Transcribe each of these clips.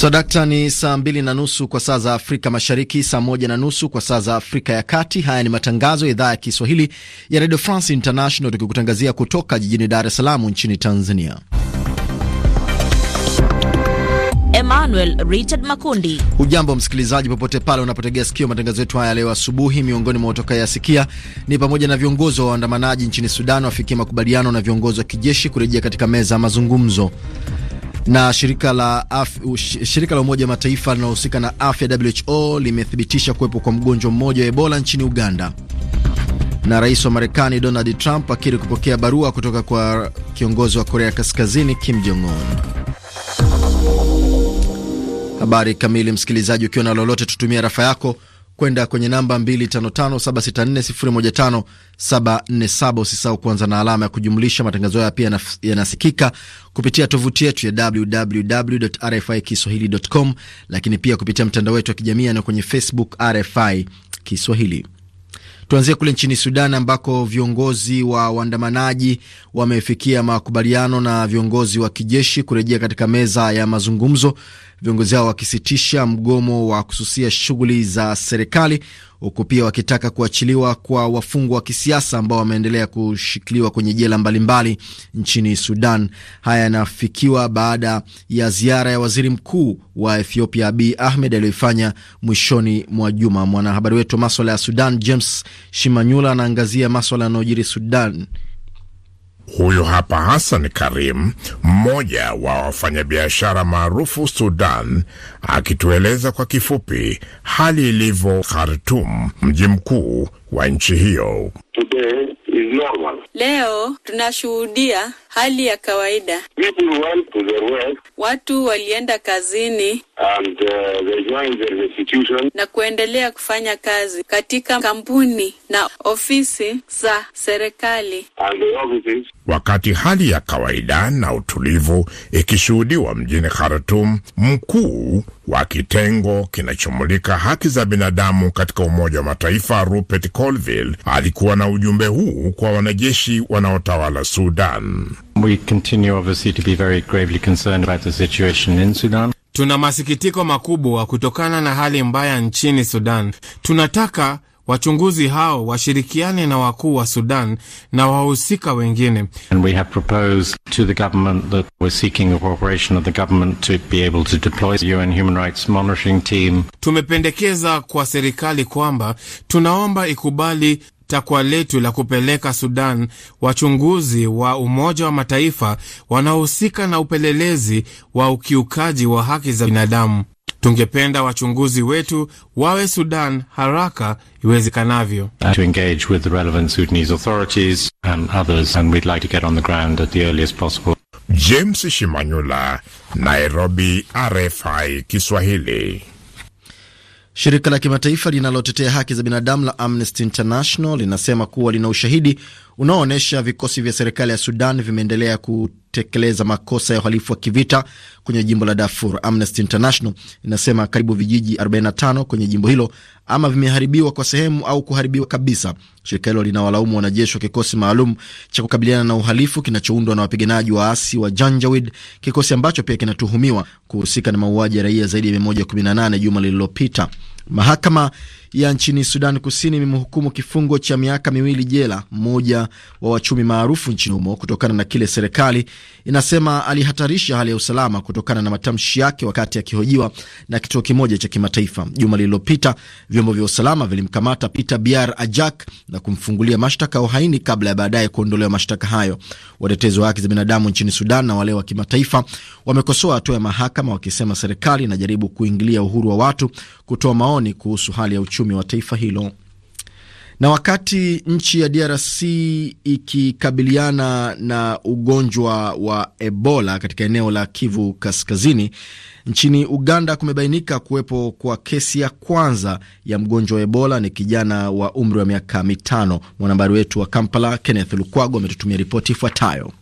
sadakta ni saa mbili na nusu kwa saa za Afrika Mashariki, saa moja na nusu kwa saa za Afrika ya Kati. Haya ni matangazo ya idhaa ya Kiswahili ya Radio France International, tukikutangazia kutoka jijini Dar es Salaam nchini Tanzania. Emmanuel Richard Makundi. Hujambo msikilizaji, popote pale unapotegea sikio matangazo yetu haya leo asubuhi. Miongoni mwa utakayasikia ni pamoja na viongozi wa waandamanaji nchini Sudan wafikia makubaliano na viongozi wa kijeshi kurejea katika meza ya mazungumzo. Na shirika la af, shirika la Umoja wa Mataifa linalohusika na afya WHO limethibitisha kuwepo kwa mgonjwa mmoja wa Ebola nchini Uganda. Na rais wa Marekani Donald Trump akiri kupokea barua kutoka kwa kiongozi wa Korea Kaskazini Kim Jong Un. Habari kamili, msikilizaji, ukiwa na lolote, tutumia rafa yako kwenda kwenye namba 255764015747. Usisahau kuanza na alama ya kujumlisha. Matangazo haya pia yanasikika kupitia tovuti yetu ya www.rfikiswahili.com, lakini pia kupitia mtandao wetu wa kijamii na yaani kwenye Facebook RFI Kiswahili. Tuanzie kule nchini Sudan ambako viongozi wa waandamanaji wamefikia makubaliano na viongozi wa kijeshi kurejea katika meza ya mazungumzo viongozi hao wakisitisha mgomo wa kususia shughuli za serikali huku pia wakitaka kuachiliwa kwa wafungwa wa kisiasa ambao wameendelea kushikiliwa kwenye jela mbalimbali nchini Sudan. Haya yanafikiwa baada ya ziara ya waziri mkuu wa Ethiopia Abiy Ahmed aliyoifanya mwishoni mwa juma. Mwanahabari wetu wa maswala ya Sudan James Shimanyula anaangazia maswala yanayojiri Sudan. Huyu hapa Hassan Karim, mmoja wa wafanyabiashara maarufu Sudan, akitueleza kwa kifupi hali ilivyo khartum mji mkuu wa nchi hiyo. Today normal. Leo tunashuhudia hali ya kawaida. People went to their work. Watu walienda kazini and, uh, they joined their institution. na kuendelea kufanya kazi katika kampuni na ofisi za serikali and the offices. Wakati hali ya kawaida na utulivu ikishuhudiwa mjini Khartoum, mkuu wa kitengo kinachomulika haki za binadamu katika Umoja wa Mataifa Rupert Colville alikuwa na ujumbe huu kwa wanajeshi wanaotawala Sudan. We continue obviously to be very gravely concerned about the situation in Sudan. Tuna masikitiko makubwa kutokana na hali mbaya nchini Sudan. Tunataka Wachunguzi hao washirikiane na wakuu wa Sudan na wahusika wengine. Tumependekeza kwa serikali kwamba tunaomba ikubali takwa letu la kupeleka Sudan wachunguzi wa Umoja wa Mataifa wanaohusika na upelelezi wa ukiukaji wa haki za binadamu. Tungependa wachunguzi wetu wawe Sudan haraka iwezekanavyo. James Shimanyula, Nairobi, RFI Kiswahili. Shirika la kimataifa linalotetea haki za binadamu la Amnesty International linasema kuwa lina ushahidi unaoonyesha vikosi vya serikali ya Sudan vimeendelea kutekeleza makosa ya uhalifu wa kivita kwenye jimbo la Darfur. Amnesty International inasema karibu vijiji 45 kwenye jimbo hilo ama vimeharibiwa kwa sehemu au kuharibiwa kabisa. Shirika hilo linawalaumu wanajeshi wa kikosi maalum cha kukabiliana na uhalifu kinachoundwa na wapiganaji waasi wa Janjawid, kikosi ambacho pia kinatuhumiwa kuhusika na mauaji ya raia zaidi ya 118 juma lililopita. Mahakama ya nchini Sudan Kusini imemhukumu kifungo cha miaka miwili jela mmoja wa wachumi maarufu nchini humo kutokana na kile serikali inasema alihatarisha hali ya usalama kutokana na matamshi yake wakati akihojiwa ya na kituo kimoja cha kimataifa. Juma lililopita vyombo vya usalama vilimkamata Peter Biar Ajak na kumfungulia mashtaka ya uhaini kabla ya baadaye kuondolewa mashtaka hayo. Watetezi wa haki za binadamu nchini Sudan na wale wa kimataifa wamekosoa hatua ya mahakama wakisema serikali inajaribu kuingilia uhuru wa watu kutoa maoni kuhusu hali ya uchumi uchumi wa taifa hilo. Na wakati nchi ya DRC ikikabiliana na ugonjwa wa Ebola katika eneo la Kivu Kaskazini, nchini Uganda kumebainika kuwepo kwa kesi ya kwanza ya mgonjwa wa Ebola. Ni kijana wa umri wa miaka mitano. Mwanahabari wetu wa Kampala, Kenneth Lukwago, ametutumia ripoti ifuatayo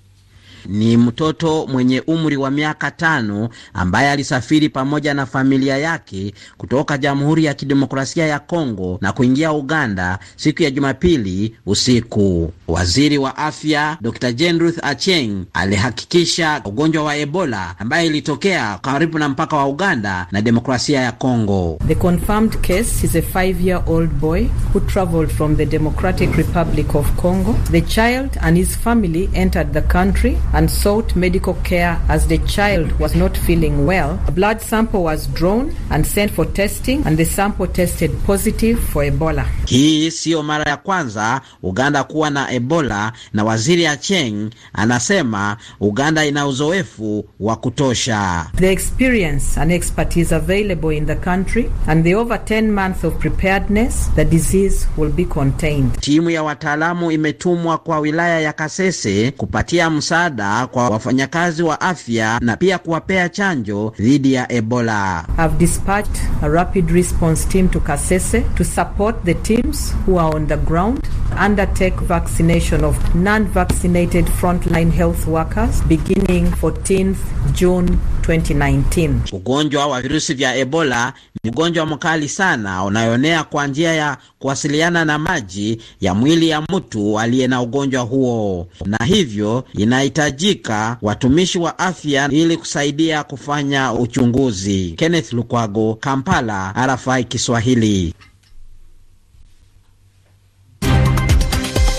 ni mtoto mwenye umri wa miaka tano ambaye alisafiri pamoja na familia yake kutoka Jamhuri ya Kidemokrasia ya Kongo na kuingia Uganda siku ya Jumapili usiku. Waziri wa afya Dr. jenruth Acheng alihakikisha ugonjwa wa Ebola ambaye ilitokea karibu na mpaka wa Uganda na Demokrasia ya Kongo. The confirmed case is a five-year-old boy who traveled from the Democratic Republic of Congo. The child and his family entered the country and sought medical care as the child was not feeling well. A blood sample was drawn and sent for testing and the sample tested positive for Ebola. Hii siyo mara ya kwanza Uganda kuwa na Ebola na Waziri Acheng anasema Uganda ina uzoefu wa kutosha. The experience and expertise available in the country and the over 10 months of preparedness the disease will be contained. Timu ya wataalamu imetumwa kwa wilaya ya Kasese kupatia msaada msaada kwa wafanyakazi wa afya na pia kuwapea chanjo dhidi ya Ebola. I've dispatched a rapid response team to Kasese to support the teams who are on the ground undertake vaccination of non-vaccinated frontline health workers beginning 14th June 2019. Ugonjwa wa virusi vya Ebola ni ugonjwa mkali sana unayoenea kwa njia ya kuwasiliana na maji ya mwili ya mtu aliye na ugonjwa huo, na hivyo inahitajika watumishi wa afya ili kusaidia kufanya uchunguzi. Kenneth Lukwago, Kampala, RFI Kiswahili.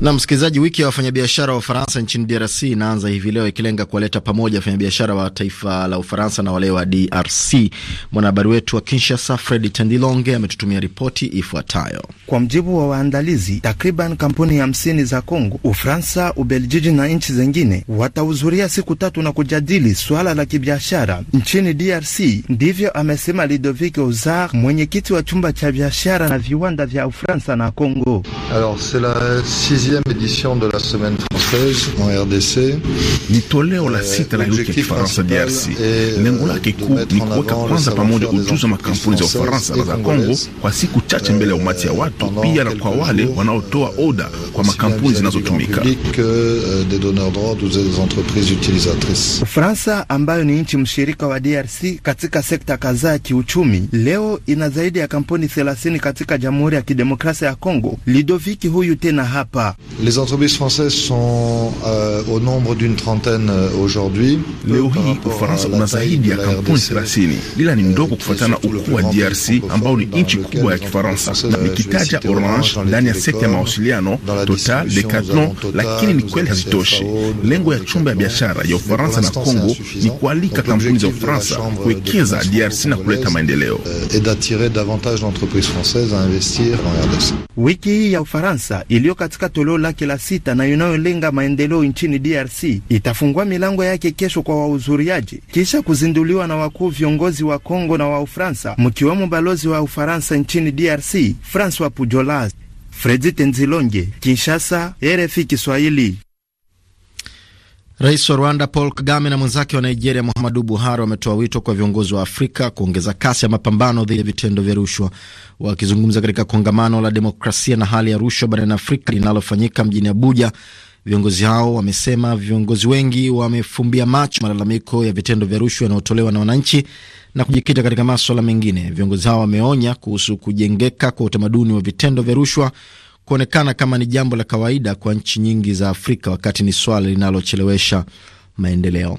Na msikilizaji, wiki ya wafanyabiashara wa Ufaransa nchini DRC inaanza hivi leo ikilenga kuwaleta pamoja wafanyabiashara wa taifa la Ufaransa na wale wa DRC. Mwanahabari wetu wa Kinshasa, Fred Tendilonge, ametutumia ripoti ifuatayo. Kwa mjibu wa waandalizi, takriban kampuni hamsini za Kongo, Ufaransa, Ubeljiji na nchi zengine watahudhuria siku tatu na kujadili suala la kibiashara nchini DRC. Ndivyo amesema ludovik Ozar, mwenyekiti wa chumba cha biashara na viwanda vya Ufaransa na Kongo Alors, dixième édition de la semaine française en RDC. Ni toleo la euh, sita la wiki ya DRC. Lengo lake kuu ni kuweka kwanza pamoja ujuzi makampuni za Ufaransa na za congo kwa siku chache mbele ya umati ya watu, pia na kwa wale wanaotoa euh, oda kwa makampuni zinazotumika. Ufaransa euh, ambayo ni nchi mshirika wa DRC katika sekta kadhaa ya kiuchumi, leo ina zaidi ya kampuni 30 katika Jamhuri ya Kidemokrasia ya Kongo. Lidoviki huyu tena hapa Euh, euh, Leo hii Ufaransa una zaidi ya kampuni 30, ila ni mdogo euh, kufuatana ukuu wa DRC ambao ni nchi kubwa ya Kifaransa, na nikitaja Orange ndani ya sekta ya mawasiliano, Total, Decathlon, lakini ni kweli hazitoshi. Lengo ya chumba ya biashara ya Ufaransa na congo ni kualika kampuni za Ufaransa kuwekeza DRC na kuleta maendeleo. Wiki hii ya Ufaransa iliyo katika toleo maendeleo lake la sita na inayolenga maendeleo nchini DRC itafungua milango yake kesho kwa wahudhuriaji kisha kuzinduliwa na wakuu viongozi wa Kongo na wa Ufaransa, mkiwemo balozi wa Ufaransa nchini DRC Francois Pujolas. Fredi Tenzilonge, Kinshasa, RFI Kiswahili. Rais wa Rwanda Paul Kagame na mwenzake wa Nigeria Muhammadu Buhari wametoa wito kwa viongozi wa Afrika kuongeza kasi ya mapambano dhidi ya vitendo vya rushwa. Wakizungumza katika kongamano la demokrasia na hali ya rushwa barani Afrika linalofanyika mjini Abuja, viongozi hao wamesema viongozi wengi wamefumbia macho malalamiko ya vitendo vya rushwa yanayotolewa na wananchi na kujikita katika maswala mengine. Viongozi hao wameonya kuhusu kujengeka kwa utamaduni wa vitendo vya rushwa kuonekana kama ni jambo la kawaida kwa nchi nyingi za Afrika, wakati ni swala linalochelewesha maendeleo.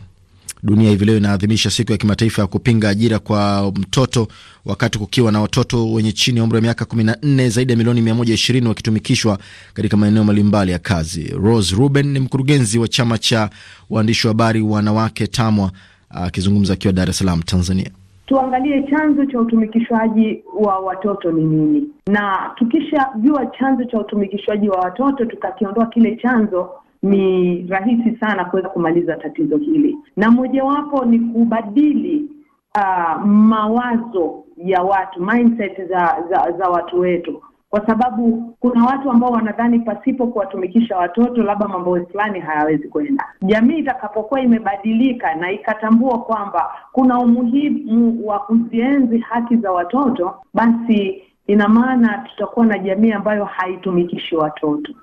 Dunia hivi leo inaadhimisha siku ya kimataifa ya kupinga ajira kwa mtoto, wakati kukiwa na watoto wenye chini ya umri wa miaka 14 zaidi ya milioni 120 wakitumikishwa katika maeneo mbalimbali ya kazi. Rose Ruben ni mkurugenzi wa chama cha waandishi wa habari wanawake TAMWA akizungumza akiwa Dar es Salaam, Tanzania tuangalie chanzo cha utumikishwaji wa watoto ni nini, na tukishajua chanzo cha utumikishwaji wa watoto tukakiondoa kile chanzo, ni rahisi sana kuweza kumaliza tatizo hili, na mojawapo ni kubadili uh, mawazo ya watu mindset za za, za watu wetu kwa sababu kuna watu ambao wanadhani pasipo kuwatumikisha watoto labda mambo fulani hayawezi kwenda. Jamii itakapokuwa imebadilika na ikatambua kwamba kuna umuhimu wa kuzienzi haki za watoto, basi ina maana tutakuwa na jamii ambayo haitumikishi watoto.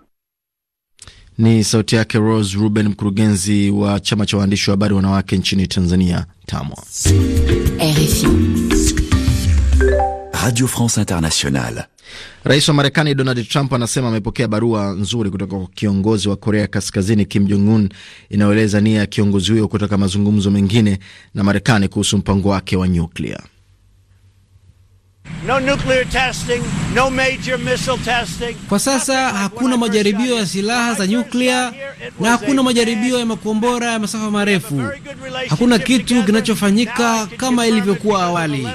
Ni sauti yake Rose Ruben, mkurugenzi wa chama cha waandishi wa habari wanawake nchini Tanzania, TAMWA. RFI. Radio France Internationale. Rais wa Marekani Donald Trump anasema amepokea barua nzuri kutoka kwa kiongozi wa Korea Kaskazini Kim Jong Un inayoeleza nia ya kiongozi huyo kutaka mazungumzo mengine na Marekani kuhusu mpango wake wa nyuklia. No nuclear testing, no major missile testing. Kwa sasa hakuna majaribio ya silaha za nyuklia na hakuna majaribio ya makombora ya masafa marefu. Hakuna kitu kinachofanyika kama ilivyokuwa awali.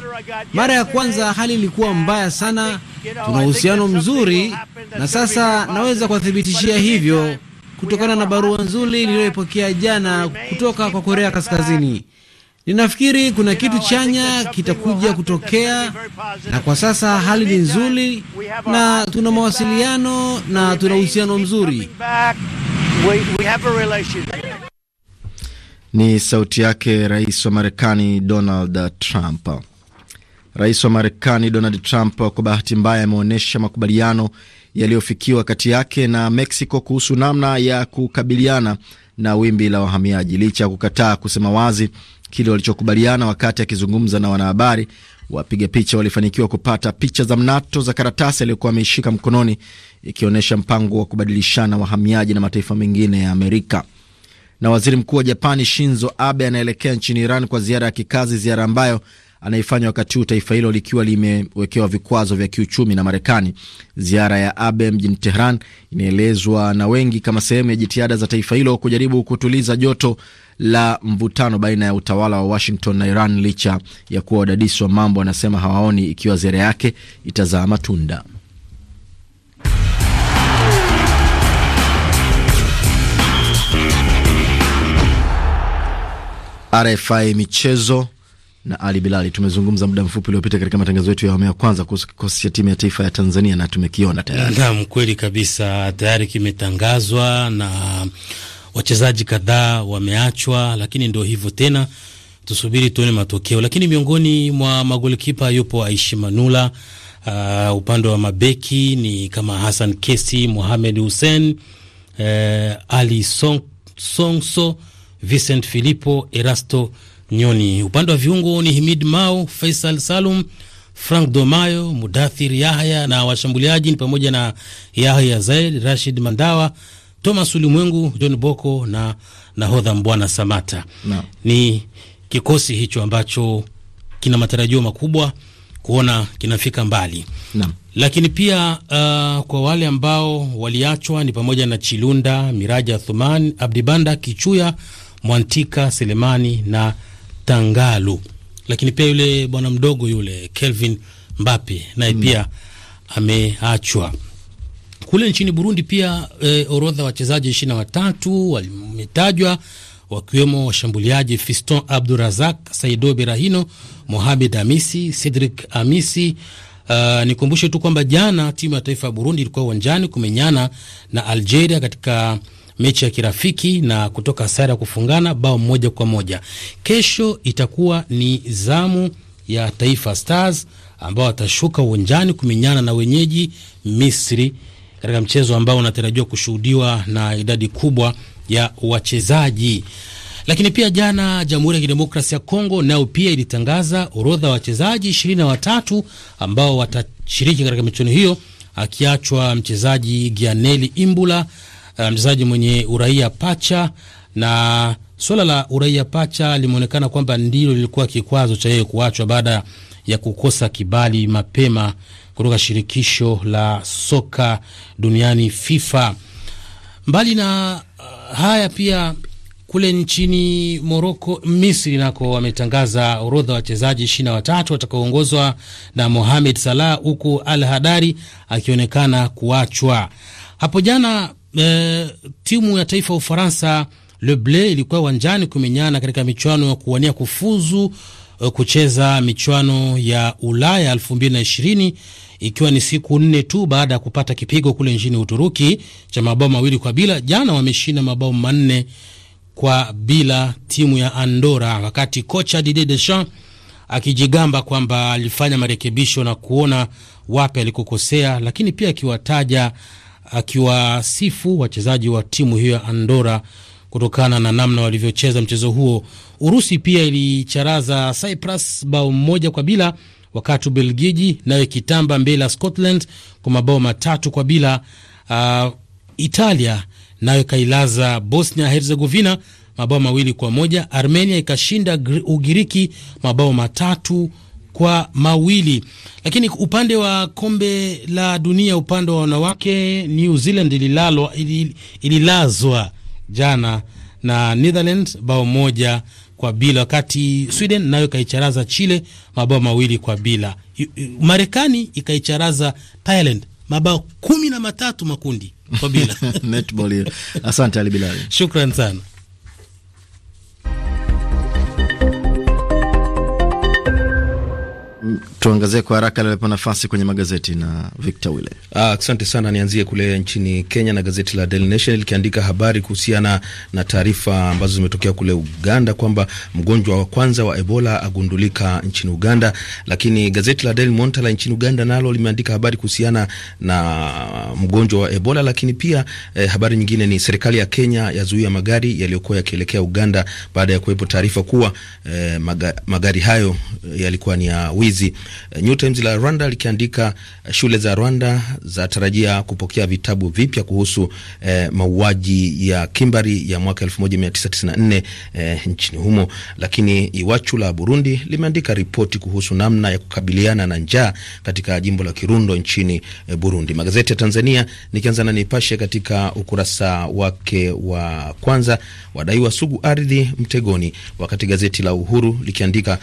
Mara ya kwanza hali ilikuwa mbaya sana, tuna uhusiano mzuri na sasa naweza kuwathibitishia hivyo kutokana na barua nzuri niliyoipokea jana kutoka kwa Korea Kaskazini. Ninafikiri kuna kitu chanya kitakuja kutokea, na kwa sasa hali ni nzuri, na tuna mawasiliano na tuna uhusiano mzuri. Ni sauti yake rais wa Marekani Donald Trump. Rais wa Marekani Donald Trump kwa bahati mbaya ameonyesha makubaliano yaliyofikiwa kati yake na Mexico kuhusu namna ya kukabiliana na wimbi la wahamiaji licha ya kukataa kusema wazi kile walichokubaliana wakati akizungumza na wanahabari. Wapiga picha walifanikiwa kupata picha za mnato za karatasi aliyokuwa ameishika mkononi, ikionyesha mpango wa kubadilishana wahamiaji na mataifa mengine ya Amerika. Na waziri mkuu wa Japani Shinzo Abe anaelekea nchini Iran kwa ziara ya kikazi, ziara ambayo anaifanya wakati huu taifa hilo likiwa limewekewa vikwazo vya kiuchumi na Marekani. Ziara ya Abe mjini Tehran inaelezwa na wengi kama sehemu ya jitihada za taifa hilo kujaribu kutuliza joto la mvutano baina ya utawala wa Washington na Iran licha ya kuwa wadadisi wa mambo wanasema hawaoni ikiwa ziara yake itazaa matunda. RFI michezo na Ali Bilali. Tumezungumza muda mfupi uliopita katika matangazo yetu ya awamu ya kwanza kuhusu kikosi cha timu ya taifa ya Tanzania na tumekiona tayari. Naam, kweli kabisa, tayari kimetangazwa na wachezaji kadhaa wameachwa, lakini ndio hivyo tena, tusubiri tuone matokeo. Lakini miongoni mwa magolikipa yupo Aishi Manula. Uh, upande wa mabeki ni kama Hassan Kesi, Mohamed Hussein, uh, Ali Song, Songso, Vincent Filippo, Erasto Nyoni. Upande wa viungo ni Himid Mao, Faisal Salum, Frank Domayo, Mudathir Yahya na washambuliaji ni pamoja na Yahya Zaid, Rashid Mandawa Thomas Ulimwengu, John Boko na nahodha Mbwana Samata no. Ni kikosi hicho ambacho kina matarajio makubwa kuona kinafika mbali no. Lakini pia uh, kwa wale ambao waliachwa ni pamoja na Chilunda Miraja, Thuman Abdibanda, Kichuya Mwantika, Selemani na Tangalu, lakini pia yule bwana mdogo yule Kelvin Mbape naye pia no. ameachwa kule nchini Burundi pia e, orodha wachezaji ishirini na watatu wametajwa wakiwemo washambuliaji Fiston Abdurazak, Saido Berahino, Mohamed Amisi, Cedric Amisi. Uh, ah, nikumbushe tu kwamba jana timu ya taifa ya Burundi ilikuwa uwanjani kumenyana na Algeria katika mechi ya kirafiki na kutoka sare ya kufungana bao moja kwa moja. Kesho itakuwa ni zamu ya Taifa Stars ambao watashuka uwanjani kumenyana na wenyeji Misri katika mchezo ambao unatarajiwa kushuhudiwa na idadi kubwa ya wachezaji. Lakini pia jana, Jamhuri ya Kidemokrasia ya Kongo nayo pia ilitangaza orodha ya wachezaji ishirini na watatu ambao watashiriki katika michuano hiyo, akiachwa mchezaji Gianelli Imbula, eh, mchezaji mwenye uraia pacha. Na swala la uraia pacha limeonekana kwamba ndilo lilikuwa kikwazo cha yeye kuachwa baada ya kukosa kibali mapema kutoka shirikisho la soka duniani FIFA. Mbali na uh, haya pia kule nchini Moroko, Misri nako wametangaza orodha wa wachezaji ishirini na watatu watakaoongozwa na Mohamed Salah, huku Al Hadari akionekana kuachwa hapo jana. E, timu ya taifa ya Ufaransa Le Bleu ilikuwa uwanjani kumenyana katika michuano ya kuwania kufuzu Eh, kucheza michuano ya Ulaya 2020 ikiwa ni siku nne tu baada ya kupata kipigo kule nchini Uturuki cha mabao mawili kwa bila. Jana wameshinda mabao manne kwa bila timu ya Andora, wakati kocha Didier Deschamps akijigamba kwamba alifanya marekebisho na kuona wapi alikokosea, lakini pia akiwataja akiwasifu wachezaji wa timu hiyo ya Andora kutokana na namna walivyocheza mchezo huo Urusi pia ilicharaza Cyprus bao moja kwa bila, wakati Ubelgiji nayo ikitamba mbele ya Scotland kwa mabao matatu kwa bila. Uh, Italia nayo ikailaza Bosnia Herzegovina mabao mawili kwa moja. Armenia ikashinda Ugiriki mabao matatu kwa mawili. Lakini upande wa kombe la dunia, upande wa wanawake, New Zealand ililazwa jana na Netherlands bao moja kwa bila, wakati Sweden nayo ikaicharaza Chile mabao mawili kwa bila. Marekani ikaicharaza Thailand mabao kumi na matatu makundi kwa bila. Netball hiyo. Asante Ali Bilali, shukran sana. Tuangazie kwa haraka aliyopewa nafasi kwenye magazeti na Victor Wile. Ah, asante sana, nianzie kule nchini Kenya na gazeti la Daily Nation likiandika habari kuhusiana na taarifa ambazo zimetokea kule Uganda kwamba mgonjwa wa kwanza wa Ebola agundulika nchini Uganda. Lakini gazeti la Daily Monitor la nchini Uganda nalo limeandika habari kuhusiana na mgonjwa wa Ebola, lakini pia eh, habari nyingine ni serikali ya Kenya yazuia magari yaliyokuwa yakielekea Uganda baada ya kuwepo taarifa kuwa eh, maga, magari hayo eh, yalikuwa ni ya wizi. Eh, New Times la Rwanda likiandika eh, shule za Rwanda zatarajia kupokea vitabu vipya kuhusu eh, mauaji ya kimbari ya mwaka 1994 eh, nchini humo. Lakini Iwachu la Burundi limeandika ripoti kuhusu namna ya kukabiliana na njaa katika jimbo la Kirundo nchini eh, Burundi. Magazeti ya Tanzania nikianza na Nipashe, katika ukurasa wake wa kwanza, wadaiwa sugu ardhi mtegoni, wakati gazeti la Uhuru likiandika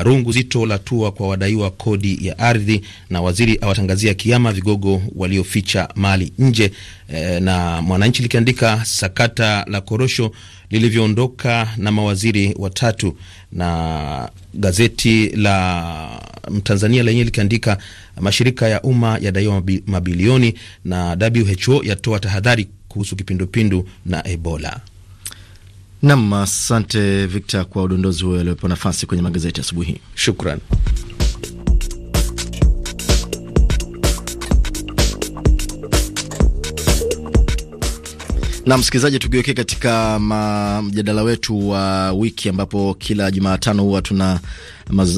rungu zito la tua kwa wadaiwa kodi ya ardhi, na waziri awatangazia kiama vigogo walioficha mali nje. E, na Mwananchi likiandika sakata la korosho lilivyoondoka na mawaziri watatu, na gazeti la Mtanzania lenyewe likiandika mashirika ya umma yadaiwa mabilioni, na WHO yatoa tahadhari kuhusu kipindupindu na Ebola. Nam, asante Victor kwa udondozi huo aliopewa nafasi kwenye magazeti asubuhi. Shukran. Na msikilizaji, tukiwekea katika mjadala wetu wa uh, wiki ambapo kila Jumatano huwa tuna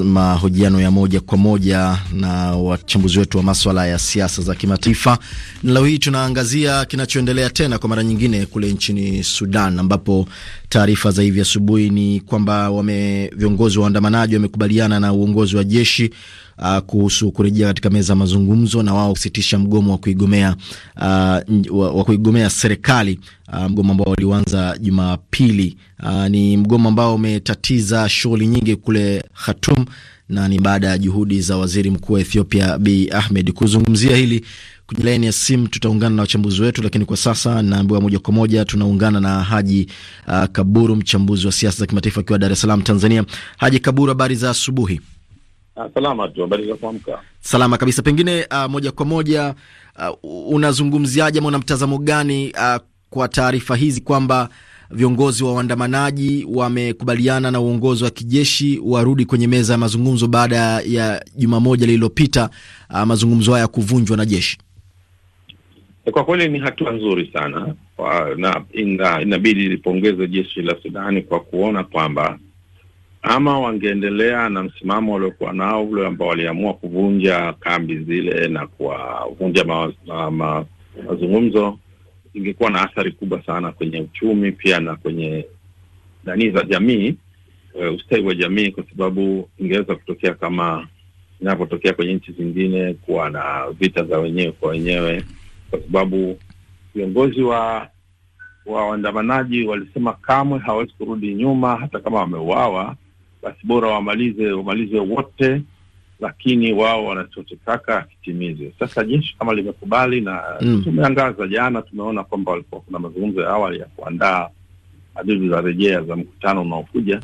mahojiano ya moja kwa moja na wachambuzi wetu wa maswala ya siasa za kimataifa. Leo hii tunaangazia kinachoendelea tena kwa mara nyingine kule nchini Sudan, ambapo taarifa za hivi asubuhi ni kwamba wame viongozi waandamanaji wamekubaliana na uongozi wa jeshi uh, kuhusu kurejea katika meza ya mazungumzo na wao kusitisha mgomo wa kuigomea uh, wa, wa kuigomea serikali uh, mgomo ambao waliuanza Jumapili. Uh, ni mgomo ambao umetatiza shughuli nyingi kule Khartoum na ni baada ya juhudi za waziri mkuu wa Ethiopia b Ahmed. Kuzungumzia hili kwenye laini ya simu tutaungana na wachambuzi wetu, lakini kwa sasa naambiwa moja kwa moja tunaungana na Haji uh, Kaburu, mchambuzi wa siasa za kimataifa akiwa Dar es Salaam, Tanzania. Haji Kaburu, habari za asubuhi. Ah, salama tu, habari za kuamka. Salama kabisa. Pengine uh, moja kwa moja uh, unazungumziaje ama una mtazamo gani uh, kwa taarifa hizi kwamba viongozi wa waandamanaji wamekubaliana na uongozi wa kijeshi warudi kwenye meza ya mazungumzo baada ya juma moja lililopita, uh, mazungumzo haya kuvunjwa na jeshi? Eh, kwa kweli ni hatua nzuri sana, na inabidi lipongeze jeshi la Sudani kwa kuona kwamba ama wangeendelea na msimamo waliokuwa nao ule ambao waliamua kuvunja kambi zile na kuwavunja mazungumzo ma, ma, mazungumzo, ingekuwa na athari kubwa sana kwenye uchumi pia na kwenye nani za jamii, e, ustawi wa jamii, kwa sababu ingeweza kutokea kama inavyotokea kwenye nchi zingine, kuwa na vita za wenyewe kwa wenyewe, kwa sababu viongozi wa waandamanaji walisema kamwe hawawezi kurudi nyuma hata kama wameuawa basi bora wamalize wamalize wote, lakini wao wanachotaka akitimize. Sasa jeshi kama limekubali na mm, tumeangaza jana, tumeona kwamba walikuwa kuna mazungumzo ya awali ya kuandaa adidi za rejea za mkutano unaokuja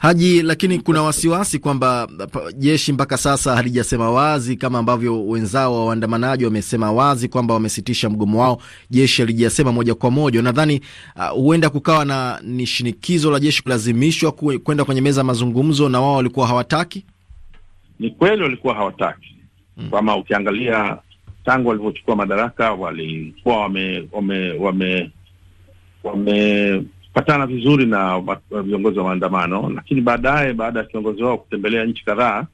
Haji, lakini kuna wasiwasi kwamba jeshi mpaka sasa halijasema wazi kama ambavyo wenzao wa waandamanaji wamesema wazi kwamba wamesitisha mgomo wao. Jeshi halijasema moja kwa moja. Nadhani uh, huenda uh, kukawa na ni shinikizo la jeshi kulazimishwa kwenda kwenye meza ya mazungumzo, na wao walikuwa hawataki. Ni kweli walikuwa hawataki hmm. Kama ukiangalia tangu walivyochukua madaraka walikuwa wame, wame, wame, wame kupatana vizuri na viongozi wa maandamano, lakini baadaye, baada ya kiongozi wao kutembelea nchi kadhaa,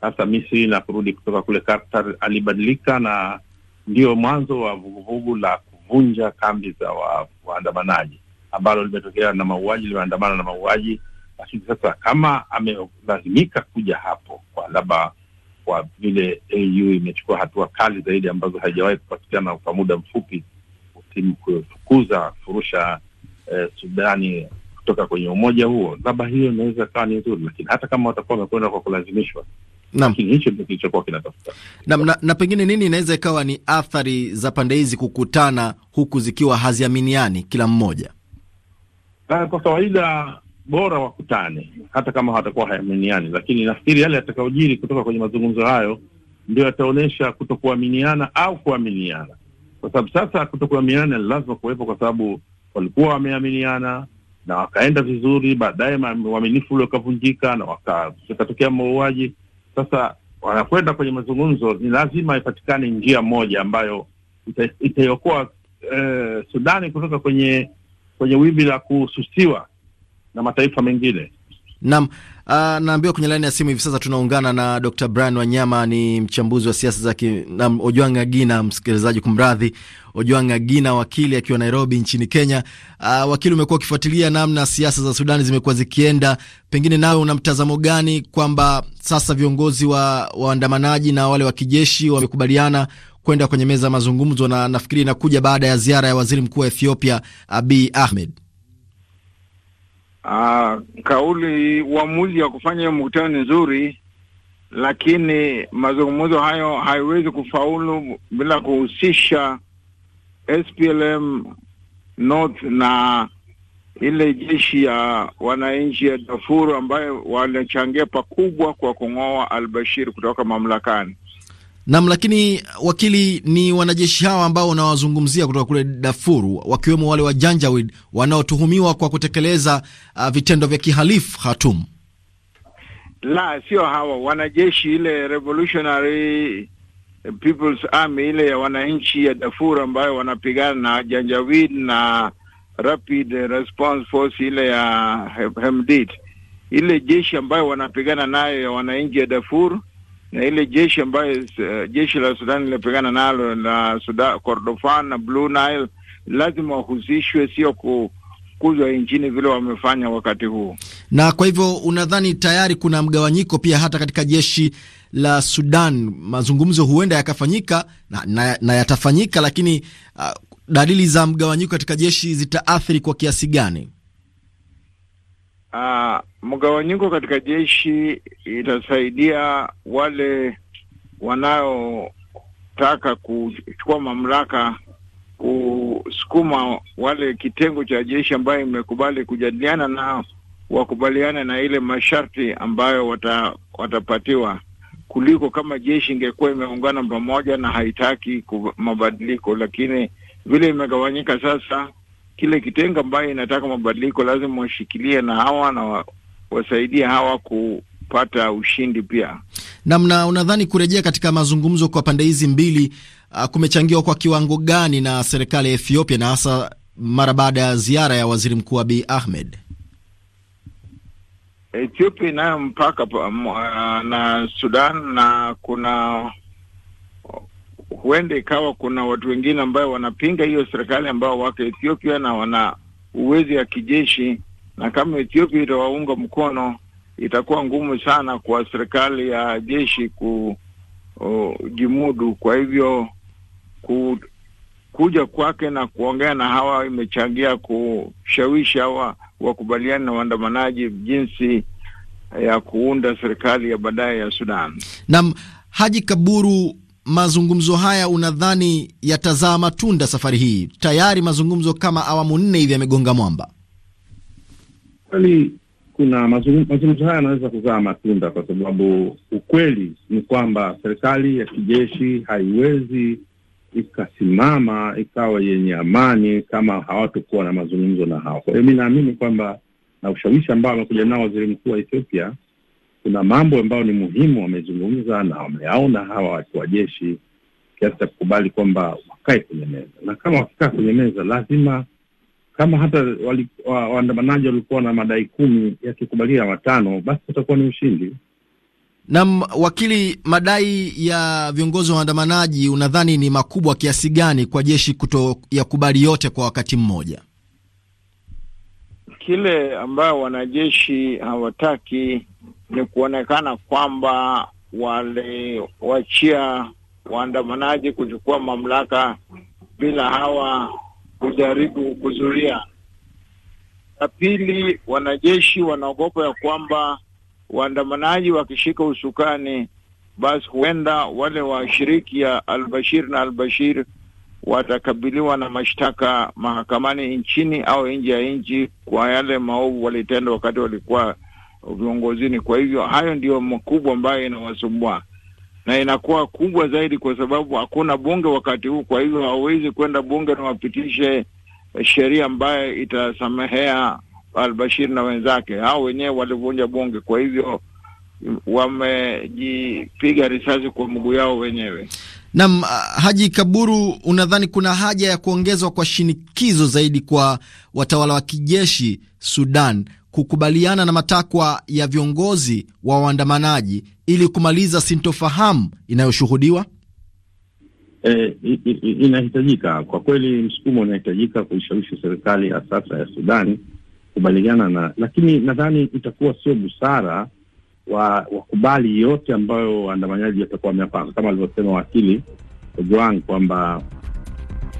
hasa Misri na kurudi kutoka kule Qatar, alibadilika na ndio mwanzo wa vuguvugu la kuvunja kambi za waandamanaji wa ambalo limetokea na mauaji, limeandamana na mauaji. Lakini sasa kama amelazimika kuja hapo kwa labda kwa vile AU imechukua hatua kali zaidi ambazo haijawahi kupatikana kwa muda mfupi, kufukuza furusha eh, Sudani kutoka kwenye umoja huo, labda hiyo inaweza kawa ni nzuri, lakini hata kama watakuwa wamekwenda kwa kulazimishwa hicho na, na, na pengine nini inaweza ikawa ni athari za pande hizi kukutana huku zikiwa haziaminiani kila mmoja. Na, ah, kwa kawaida bora wakutane hata kama hawatakuwa haaminiani, lakini nafikiri yale yatakayojiri kutoka kwenye mazungumzo hayo ndio yataonyesha kutokuaminiana au kuaminiana, kwa sababu sasa kutokuaminiana lazima kuwepo, kwa sababu walikuwa wameaminiana na wakaenda vizuri, baadaye uaminifu ule ukavunjika na wakatokea mauaji. Sasa wanakwenda kwenye mazungumzo, ni lazima ipatikane njia moja ambayo itaiokoa eh, Sudani kutoka kwenye kwenye wimbi la kususiwa na mataifa mengine. Naam, Ah, naambiwa kwenye laini ya simu hivi sasa tunaungana na Dr. Brian Wanyama, ni mchambuzi wa siasa za na Ojwang Agina, msikilizaji kumradhi, Ojwang Agina wakili akiwa Nairobi nchini Kenya. Uh, wakili, umekuwa ukifuatilia namna siasa za Sudani zimekuwa zikienda, pengine nawe una mtazamo gani kwamba sasa viongozi wa waandamanaji na wale wa kijeshi wamekubaliana kwenda kwenye meza ya mazungumzo, na nafikiri inakuja baada ya ziara ya waziri mkuu wa Ethiopia Abiy Ahmed. Aa, ah, kauli uamuzi wa kufanya hiyo mkutano ni nzuri, lakini mazungumzo hayo haiwezi kufaulu bila kuhusisha SPLM North na ile jeshi ya wananchi ya Darfur ambayo walichangia pakubwa kwa kung'oa al-Bashir kutoka mamlakani. Nam, lakini wakili, ni wanajeshi hawa ambao unawazungumzia kutoka kule Dafuru, wakiwemo wale wa Janjawid wanaotuhumiwa kwa kutekeleza uh, vitendo vya kihalifu Khartoum? La, sio hawa wanajeshi, ile Revolutionary People's Army, ile ya wananchi ya Darfur ambayo wanapigana na Janjawid na Rapid Response Force ile ya Hemdit, ile jeshi ambayo wanapigana nayo ya wananchi ya Darfur na ile jeshi ambayo uh, jeshi la Sudan linapigana nalo na Sudan, Kordofan na Blue Nile lazima wahusishwe, sio kukuzwa nchini vile wamefanya wakati huu. Na kwa hivyo unadhani tayari kuna mgawanyiko pia hata katika jeshi la Sudan? Mazungumzo huenda yakafanyika na, na, na yatafanyika, lakini uh, dalili za mgawanyiko katika jeshi zitaathiri kwa kiasi gani? uh, mgawanyiko katika jeshi itasaidia wale wanaotaka kuchukua mamlaka kusukuma wale kitengo cha jeshi ambayo imekubali kujadiliana nao wakubaliane na ile masharti ambayo wata, watapatiwa kuliko kama jeshi ingekuwa imeungana pamoja na haitaki mabadiliko. Lakini vile imegawanyika sasa, kile kitengo ambayo inataka mabadiliko lazima washikilie na hawa na kuwasaidia hawa kupata ushindi pia. Namna unadhani kurejea katika mazungumzo kwa pande hizi mbili uh, kumechangiwa kwa kiwango gani na serikali ya Ethiopia na hasa mara baada ya ziara ya Waziri Mkuu Abiy Ahmed? Ethiopia inayo mpaka uh, na Sudan na kuna huenda ikawa kuna watu wengine ambayo wanapinga hiyo serikali ambao wako Ethiopia na wana uwezo ya kijeshi na kama Ethiopia itawaunga mkono, itakuwa ngumu sana kwa serikali ya jeshi kujimudu. Kwa hivyo ku, kuja kwake na kuongea na hawa imechangia kushawishi hawa wakubaliani na waandamanaji jinsi ya kuunda serikali ya baadaye ya Sudan. Naam, Haji Kaburu, mazungumzo haya unadhani yatazaa matunda safari hii? Tayari mazungumzo kama awamu nne hivi yamegonga mwamba kweli kuna mazungumzo haya yanaweza kuzaa matunda, kwa sababu ukweli ni kwamba serikali ya kijeshi haiwezi ikasimama ikawa yenye amani kama hawatokuwa na mazungumzo na hao. Kwa hiyo mi naamini kwamba na ushawishi ambao amekuja nao waziri mkuu wa Ethiopia, kuna mambo ambayo ni muhimu wamezungumza na wameaona hawa watu wa jeshi, kiasi cha kukubali kwamba wakae kwenye meza, na kama wakikaa kwenye meza lazima kama hata waandamanaji walikuwa na madai kumi yakikubalia watano, basi utakuwa ni ushindi. Na wakili, madai ya viongozi wa waandamanaji unadhani ni makubwa kiasi gani kwa jeshi kuto ya kubali yote kwa wakati mmoja? Kile ambayo wanajeshi hawataki ni kuonekana kwamba waliwachia waandamanaji kuchukua mamlaka bila hawa kujaribu kuzuria. La pili, wanajeshi wanaogopa ya kwamba waandamanaji wakishika usukani, basi huenda wale washiriki ya Albashir na Albashir watakabiliwa na mashtaka mahakamani nchini au nje ya nchi kwa yale maovu walitenda wakati walikuwa viongozini. Kwa hivyo hayo ndiyo makubwa ambayo inawasumbua na inakuwa kubwa zaidi kwa sababu hakuna bunge wakati huu. Kwa hivyo hawawezi kwenda bunge na wapitishe sheria ambayo itasamehea Albashir na wenzake. Hao wenyewe walivunja bunge, kwa hivyo wamejipiga risasi kwa mguu yao wenyewe. Naam, uh, Haji Kaburu, unadhani kuna haja ya kuongezwa kwa shinikizo zaidi kwa watawala wa kijeshi Sudan kukubaliana na matakwa ya viongozi wa waandamanaji ili kumaliza sintofahamu inayoshuhudiwa? E, inahitajika kwa kweli, msukumo unahitajika kuishawishi serikali ya sasa ya Sudani kubaliana na, lakini nadhani itakuwa sio busara wa wakubali yote ambayo waandamanaji watakuwa wameyapanga, kama alivyosema wakili Ojwang kwamba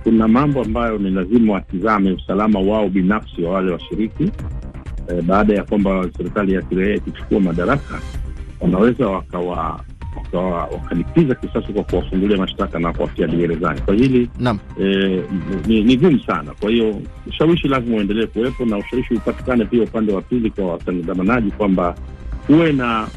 kuna mambo ambayo ni lazima watizame usalama wao binafsi wa wale washiriki eh, baada ya kwamba serikali ya kiraia ikichukua madaraka wanaweza wakawa wakalipiza kisasi kwa kuwafungulia mashtaka na kuwafia gerezani. Kwa hili e, ni gumu sana. Kwa hiyo ushawishi lazima uendelee kuwepo na ushawishi upatikane pia upande wa pili kwa watangamanaji, kwamba kuwe na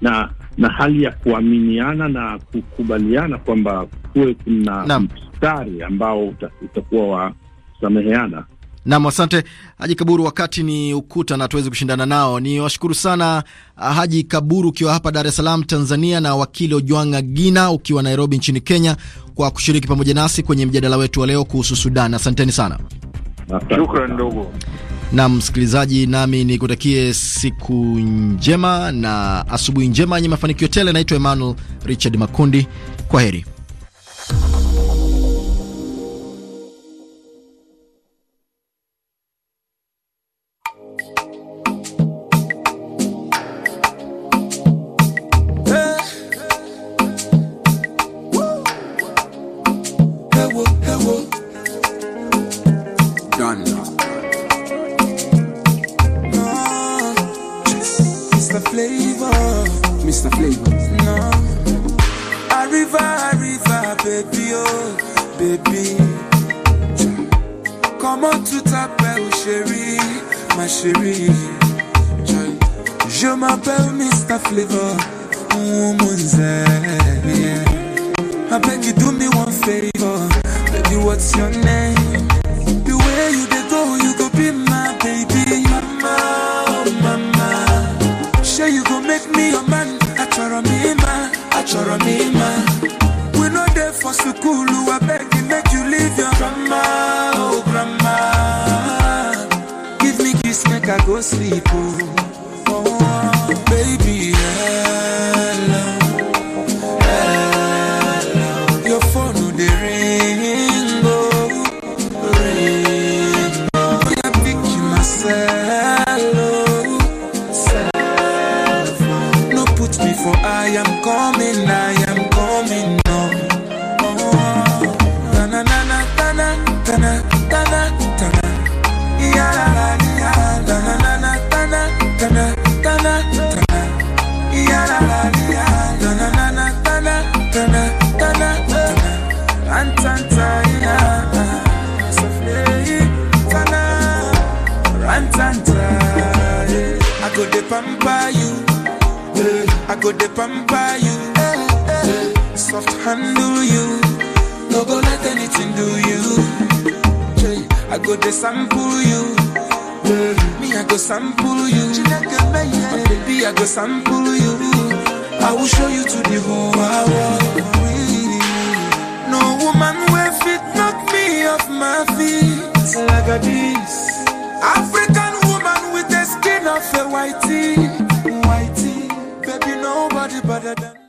na na hali ya kuaminiana na kukubaliana kwamba kuwe kuna mstari ambao utakuwa wa sameheana Nam, asante Haji Kaburu. Wakati ni ukuta na tuwezi kushindana nao. Ni washukuru sana ah, Haji Kaburu ukiwa hapa Dar es Salaam, Tanzania, na wakili Ojwanga Gina ukiwa Nairobi nchini Kenya, kwa kushiriki pamoja nasi kwenye mjadala wetu wa leo kuhusu Sudan. Asanteni sana. Shukran ndogo. Na msikilizaji, nami nikutakie siku njema na asubuhi njema yenye mafanikio tele. Naitwa Emmanuel Richard Makundi, kwa heri. ma chérie. Je m'appelle Mr. Flavor, woman's yeah. I beg you do me one favor, baby what's your name? The way you dey go, you go be my baby, mama, oh mama. Sure you go make me your man, achoro me ma, achoro me ma. We no dey for school, I beg you make you leave your grandma. cagou-se por I go the pamper you. Eh, eh. Soft handle you. No go let anything do you. I go the sample you. Me, I go sample you. My baby, I go sample you. I will show you to the whole world. No woman will fit knock me off my feet like a this. African woman with the skin of a whitey much better than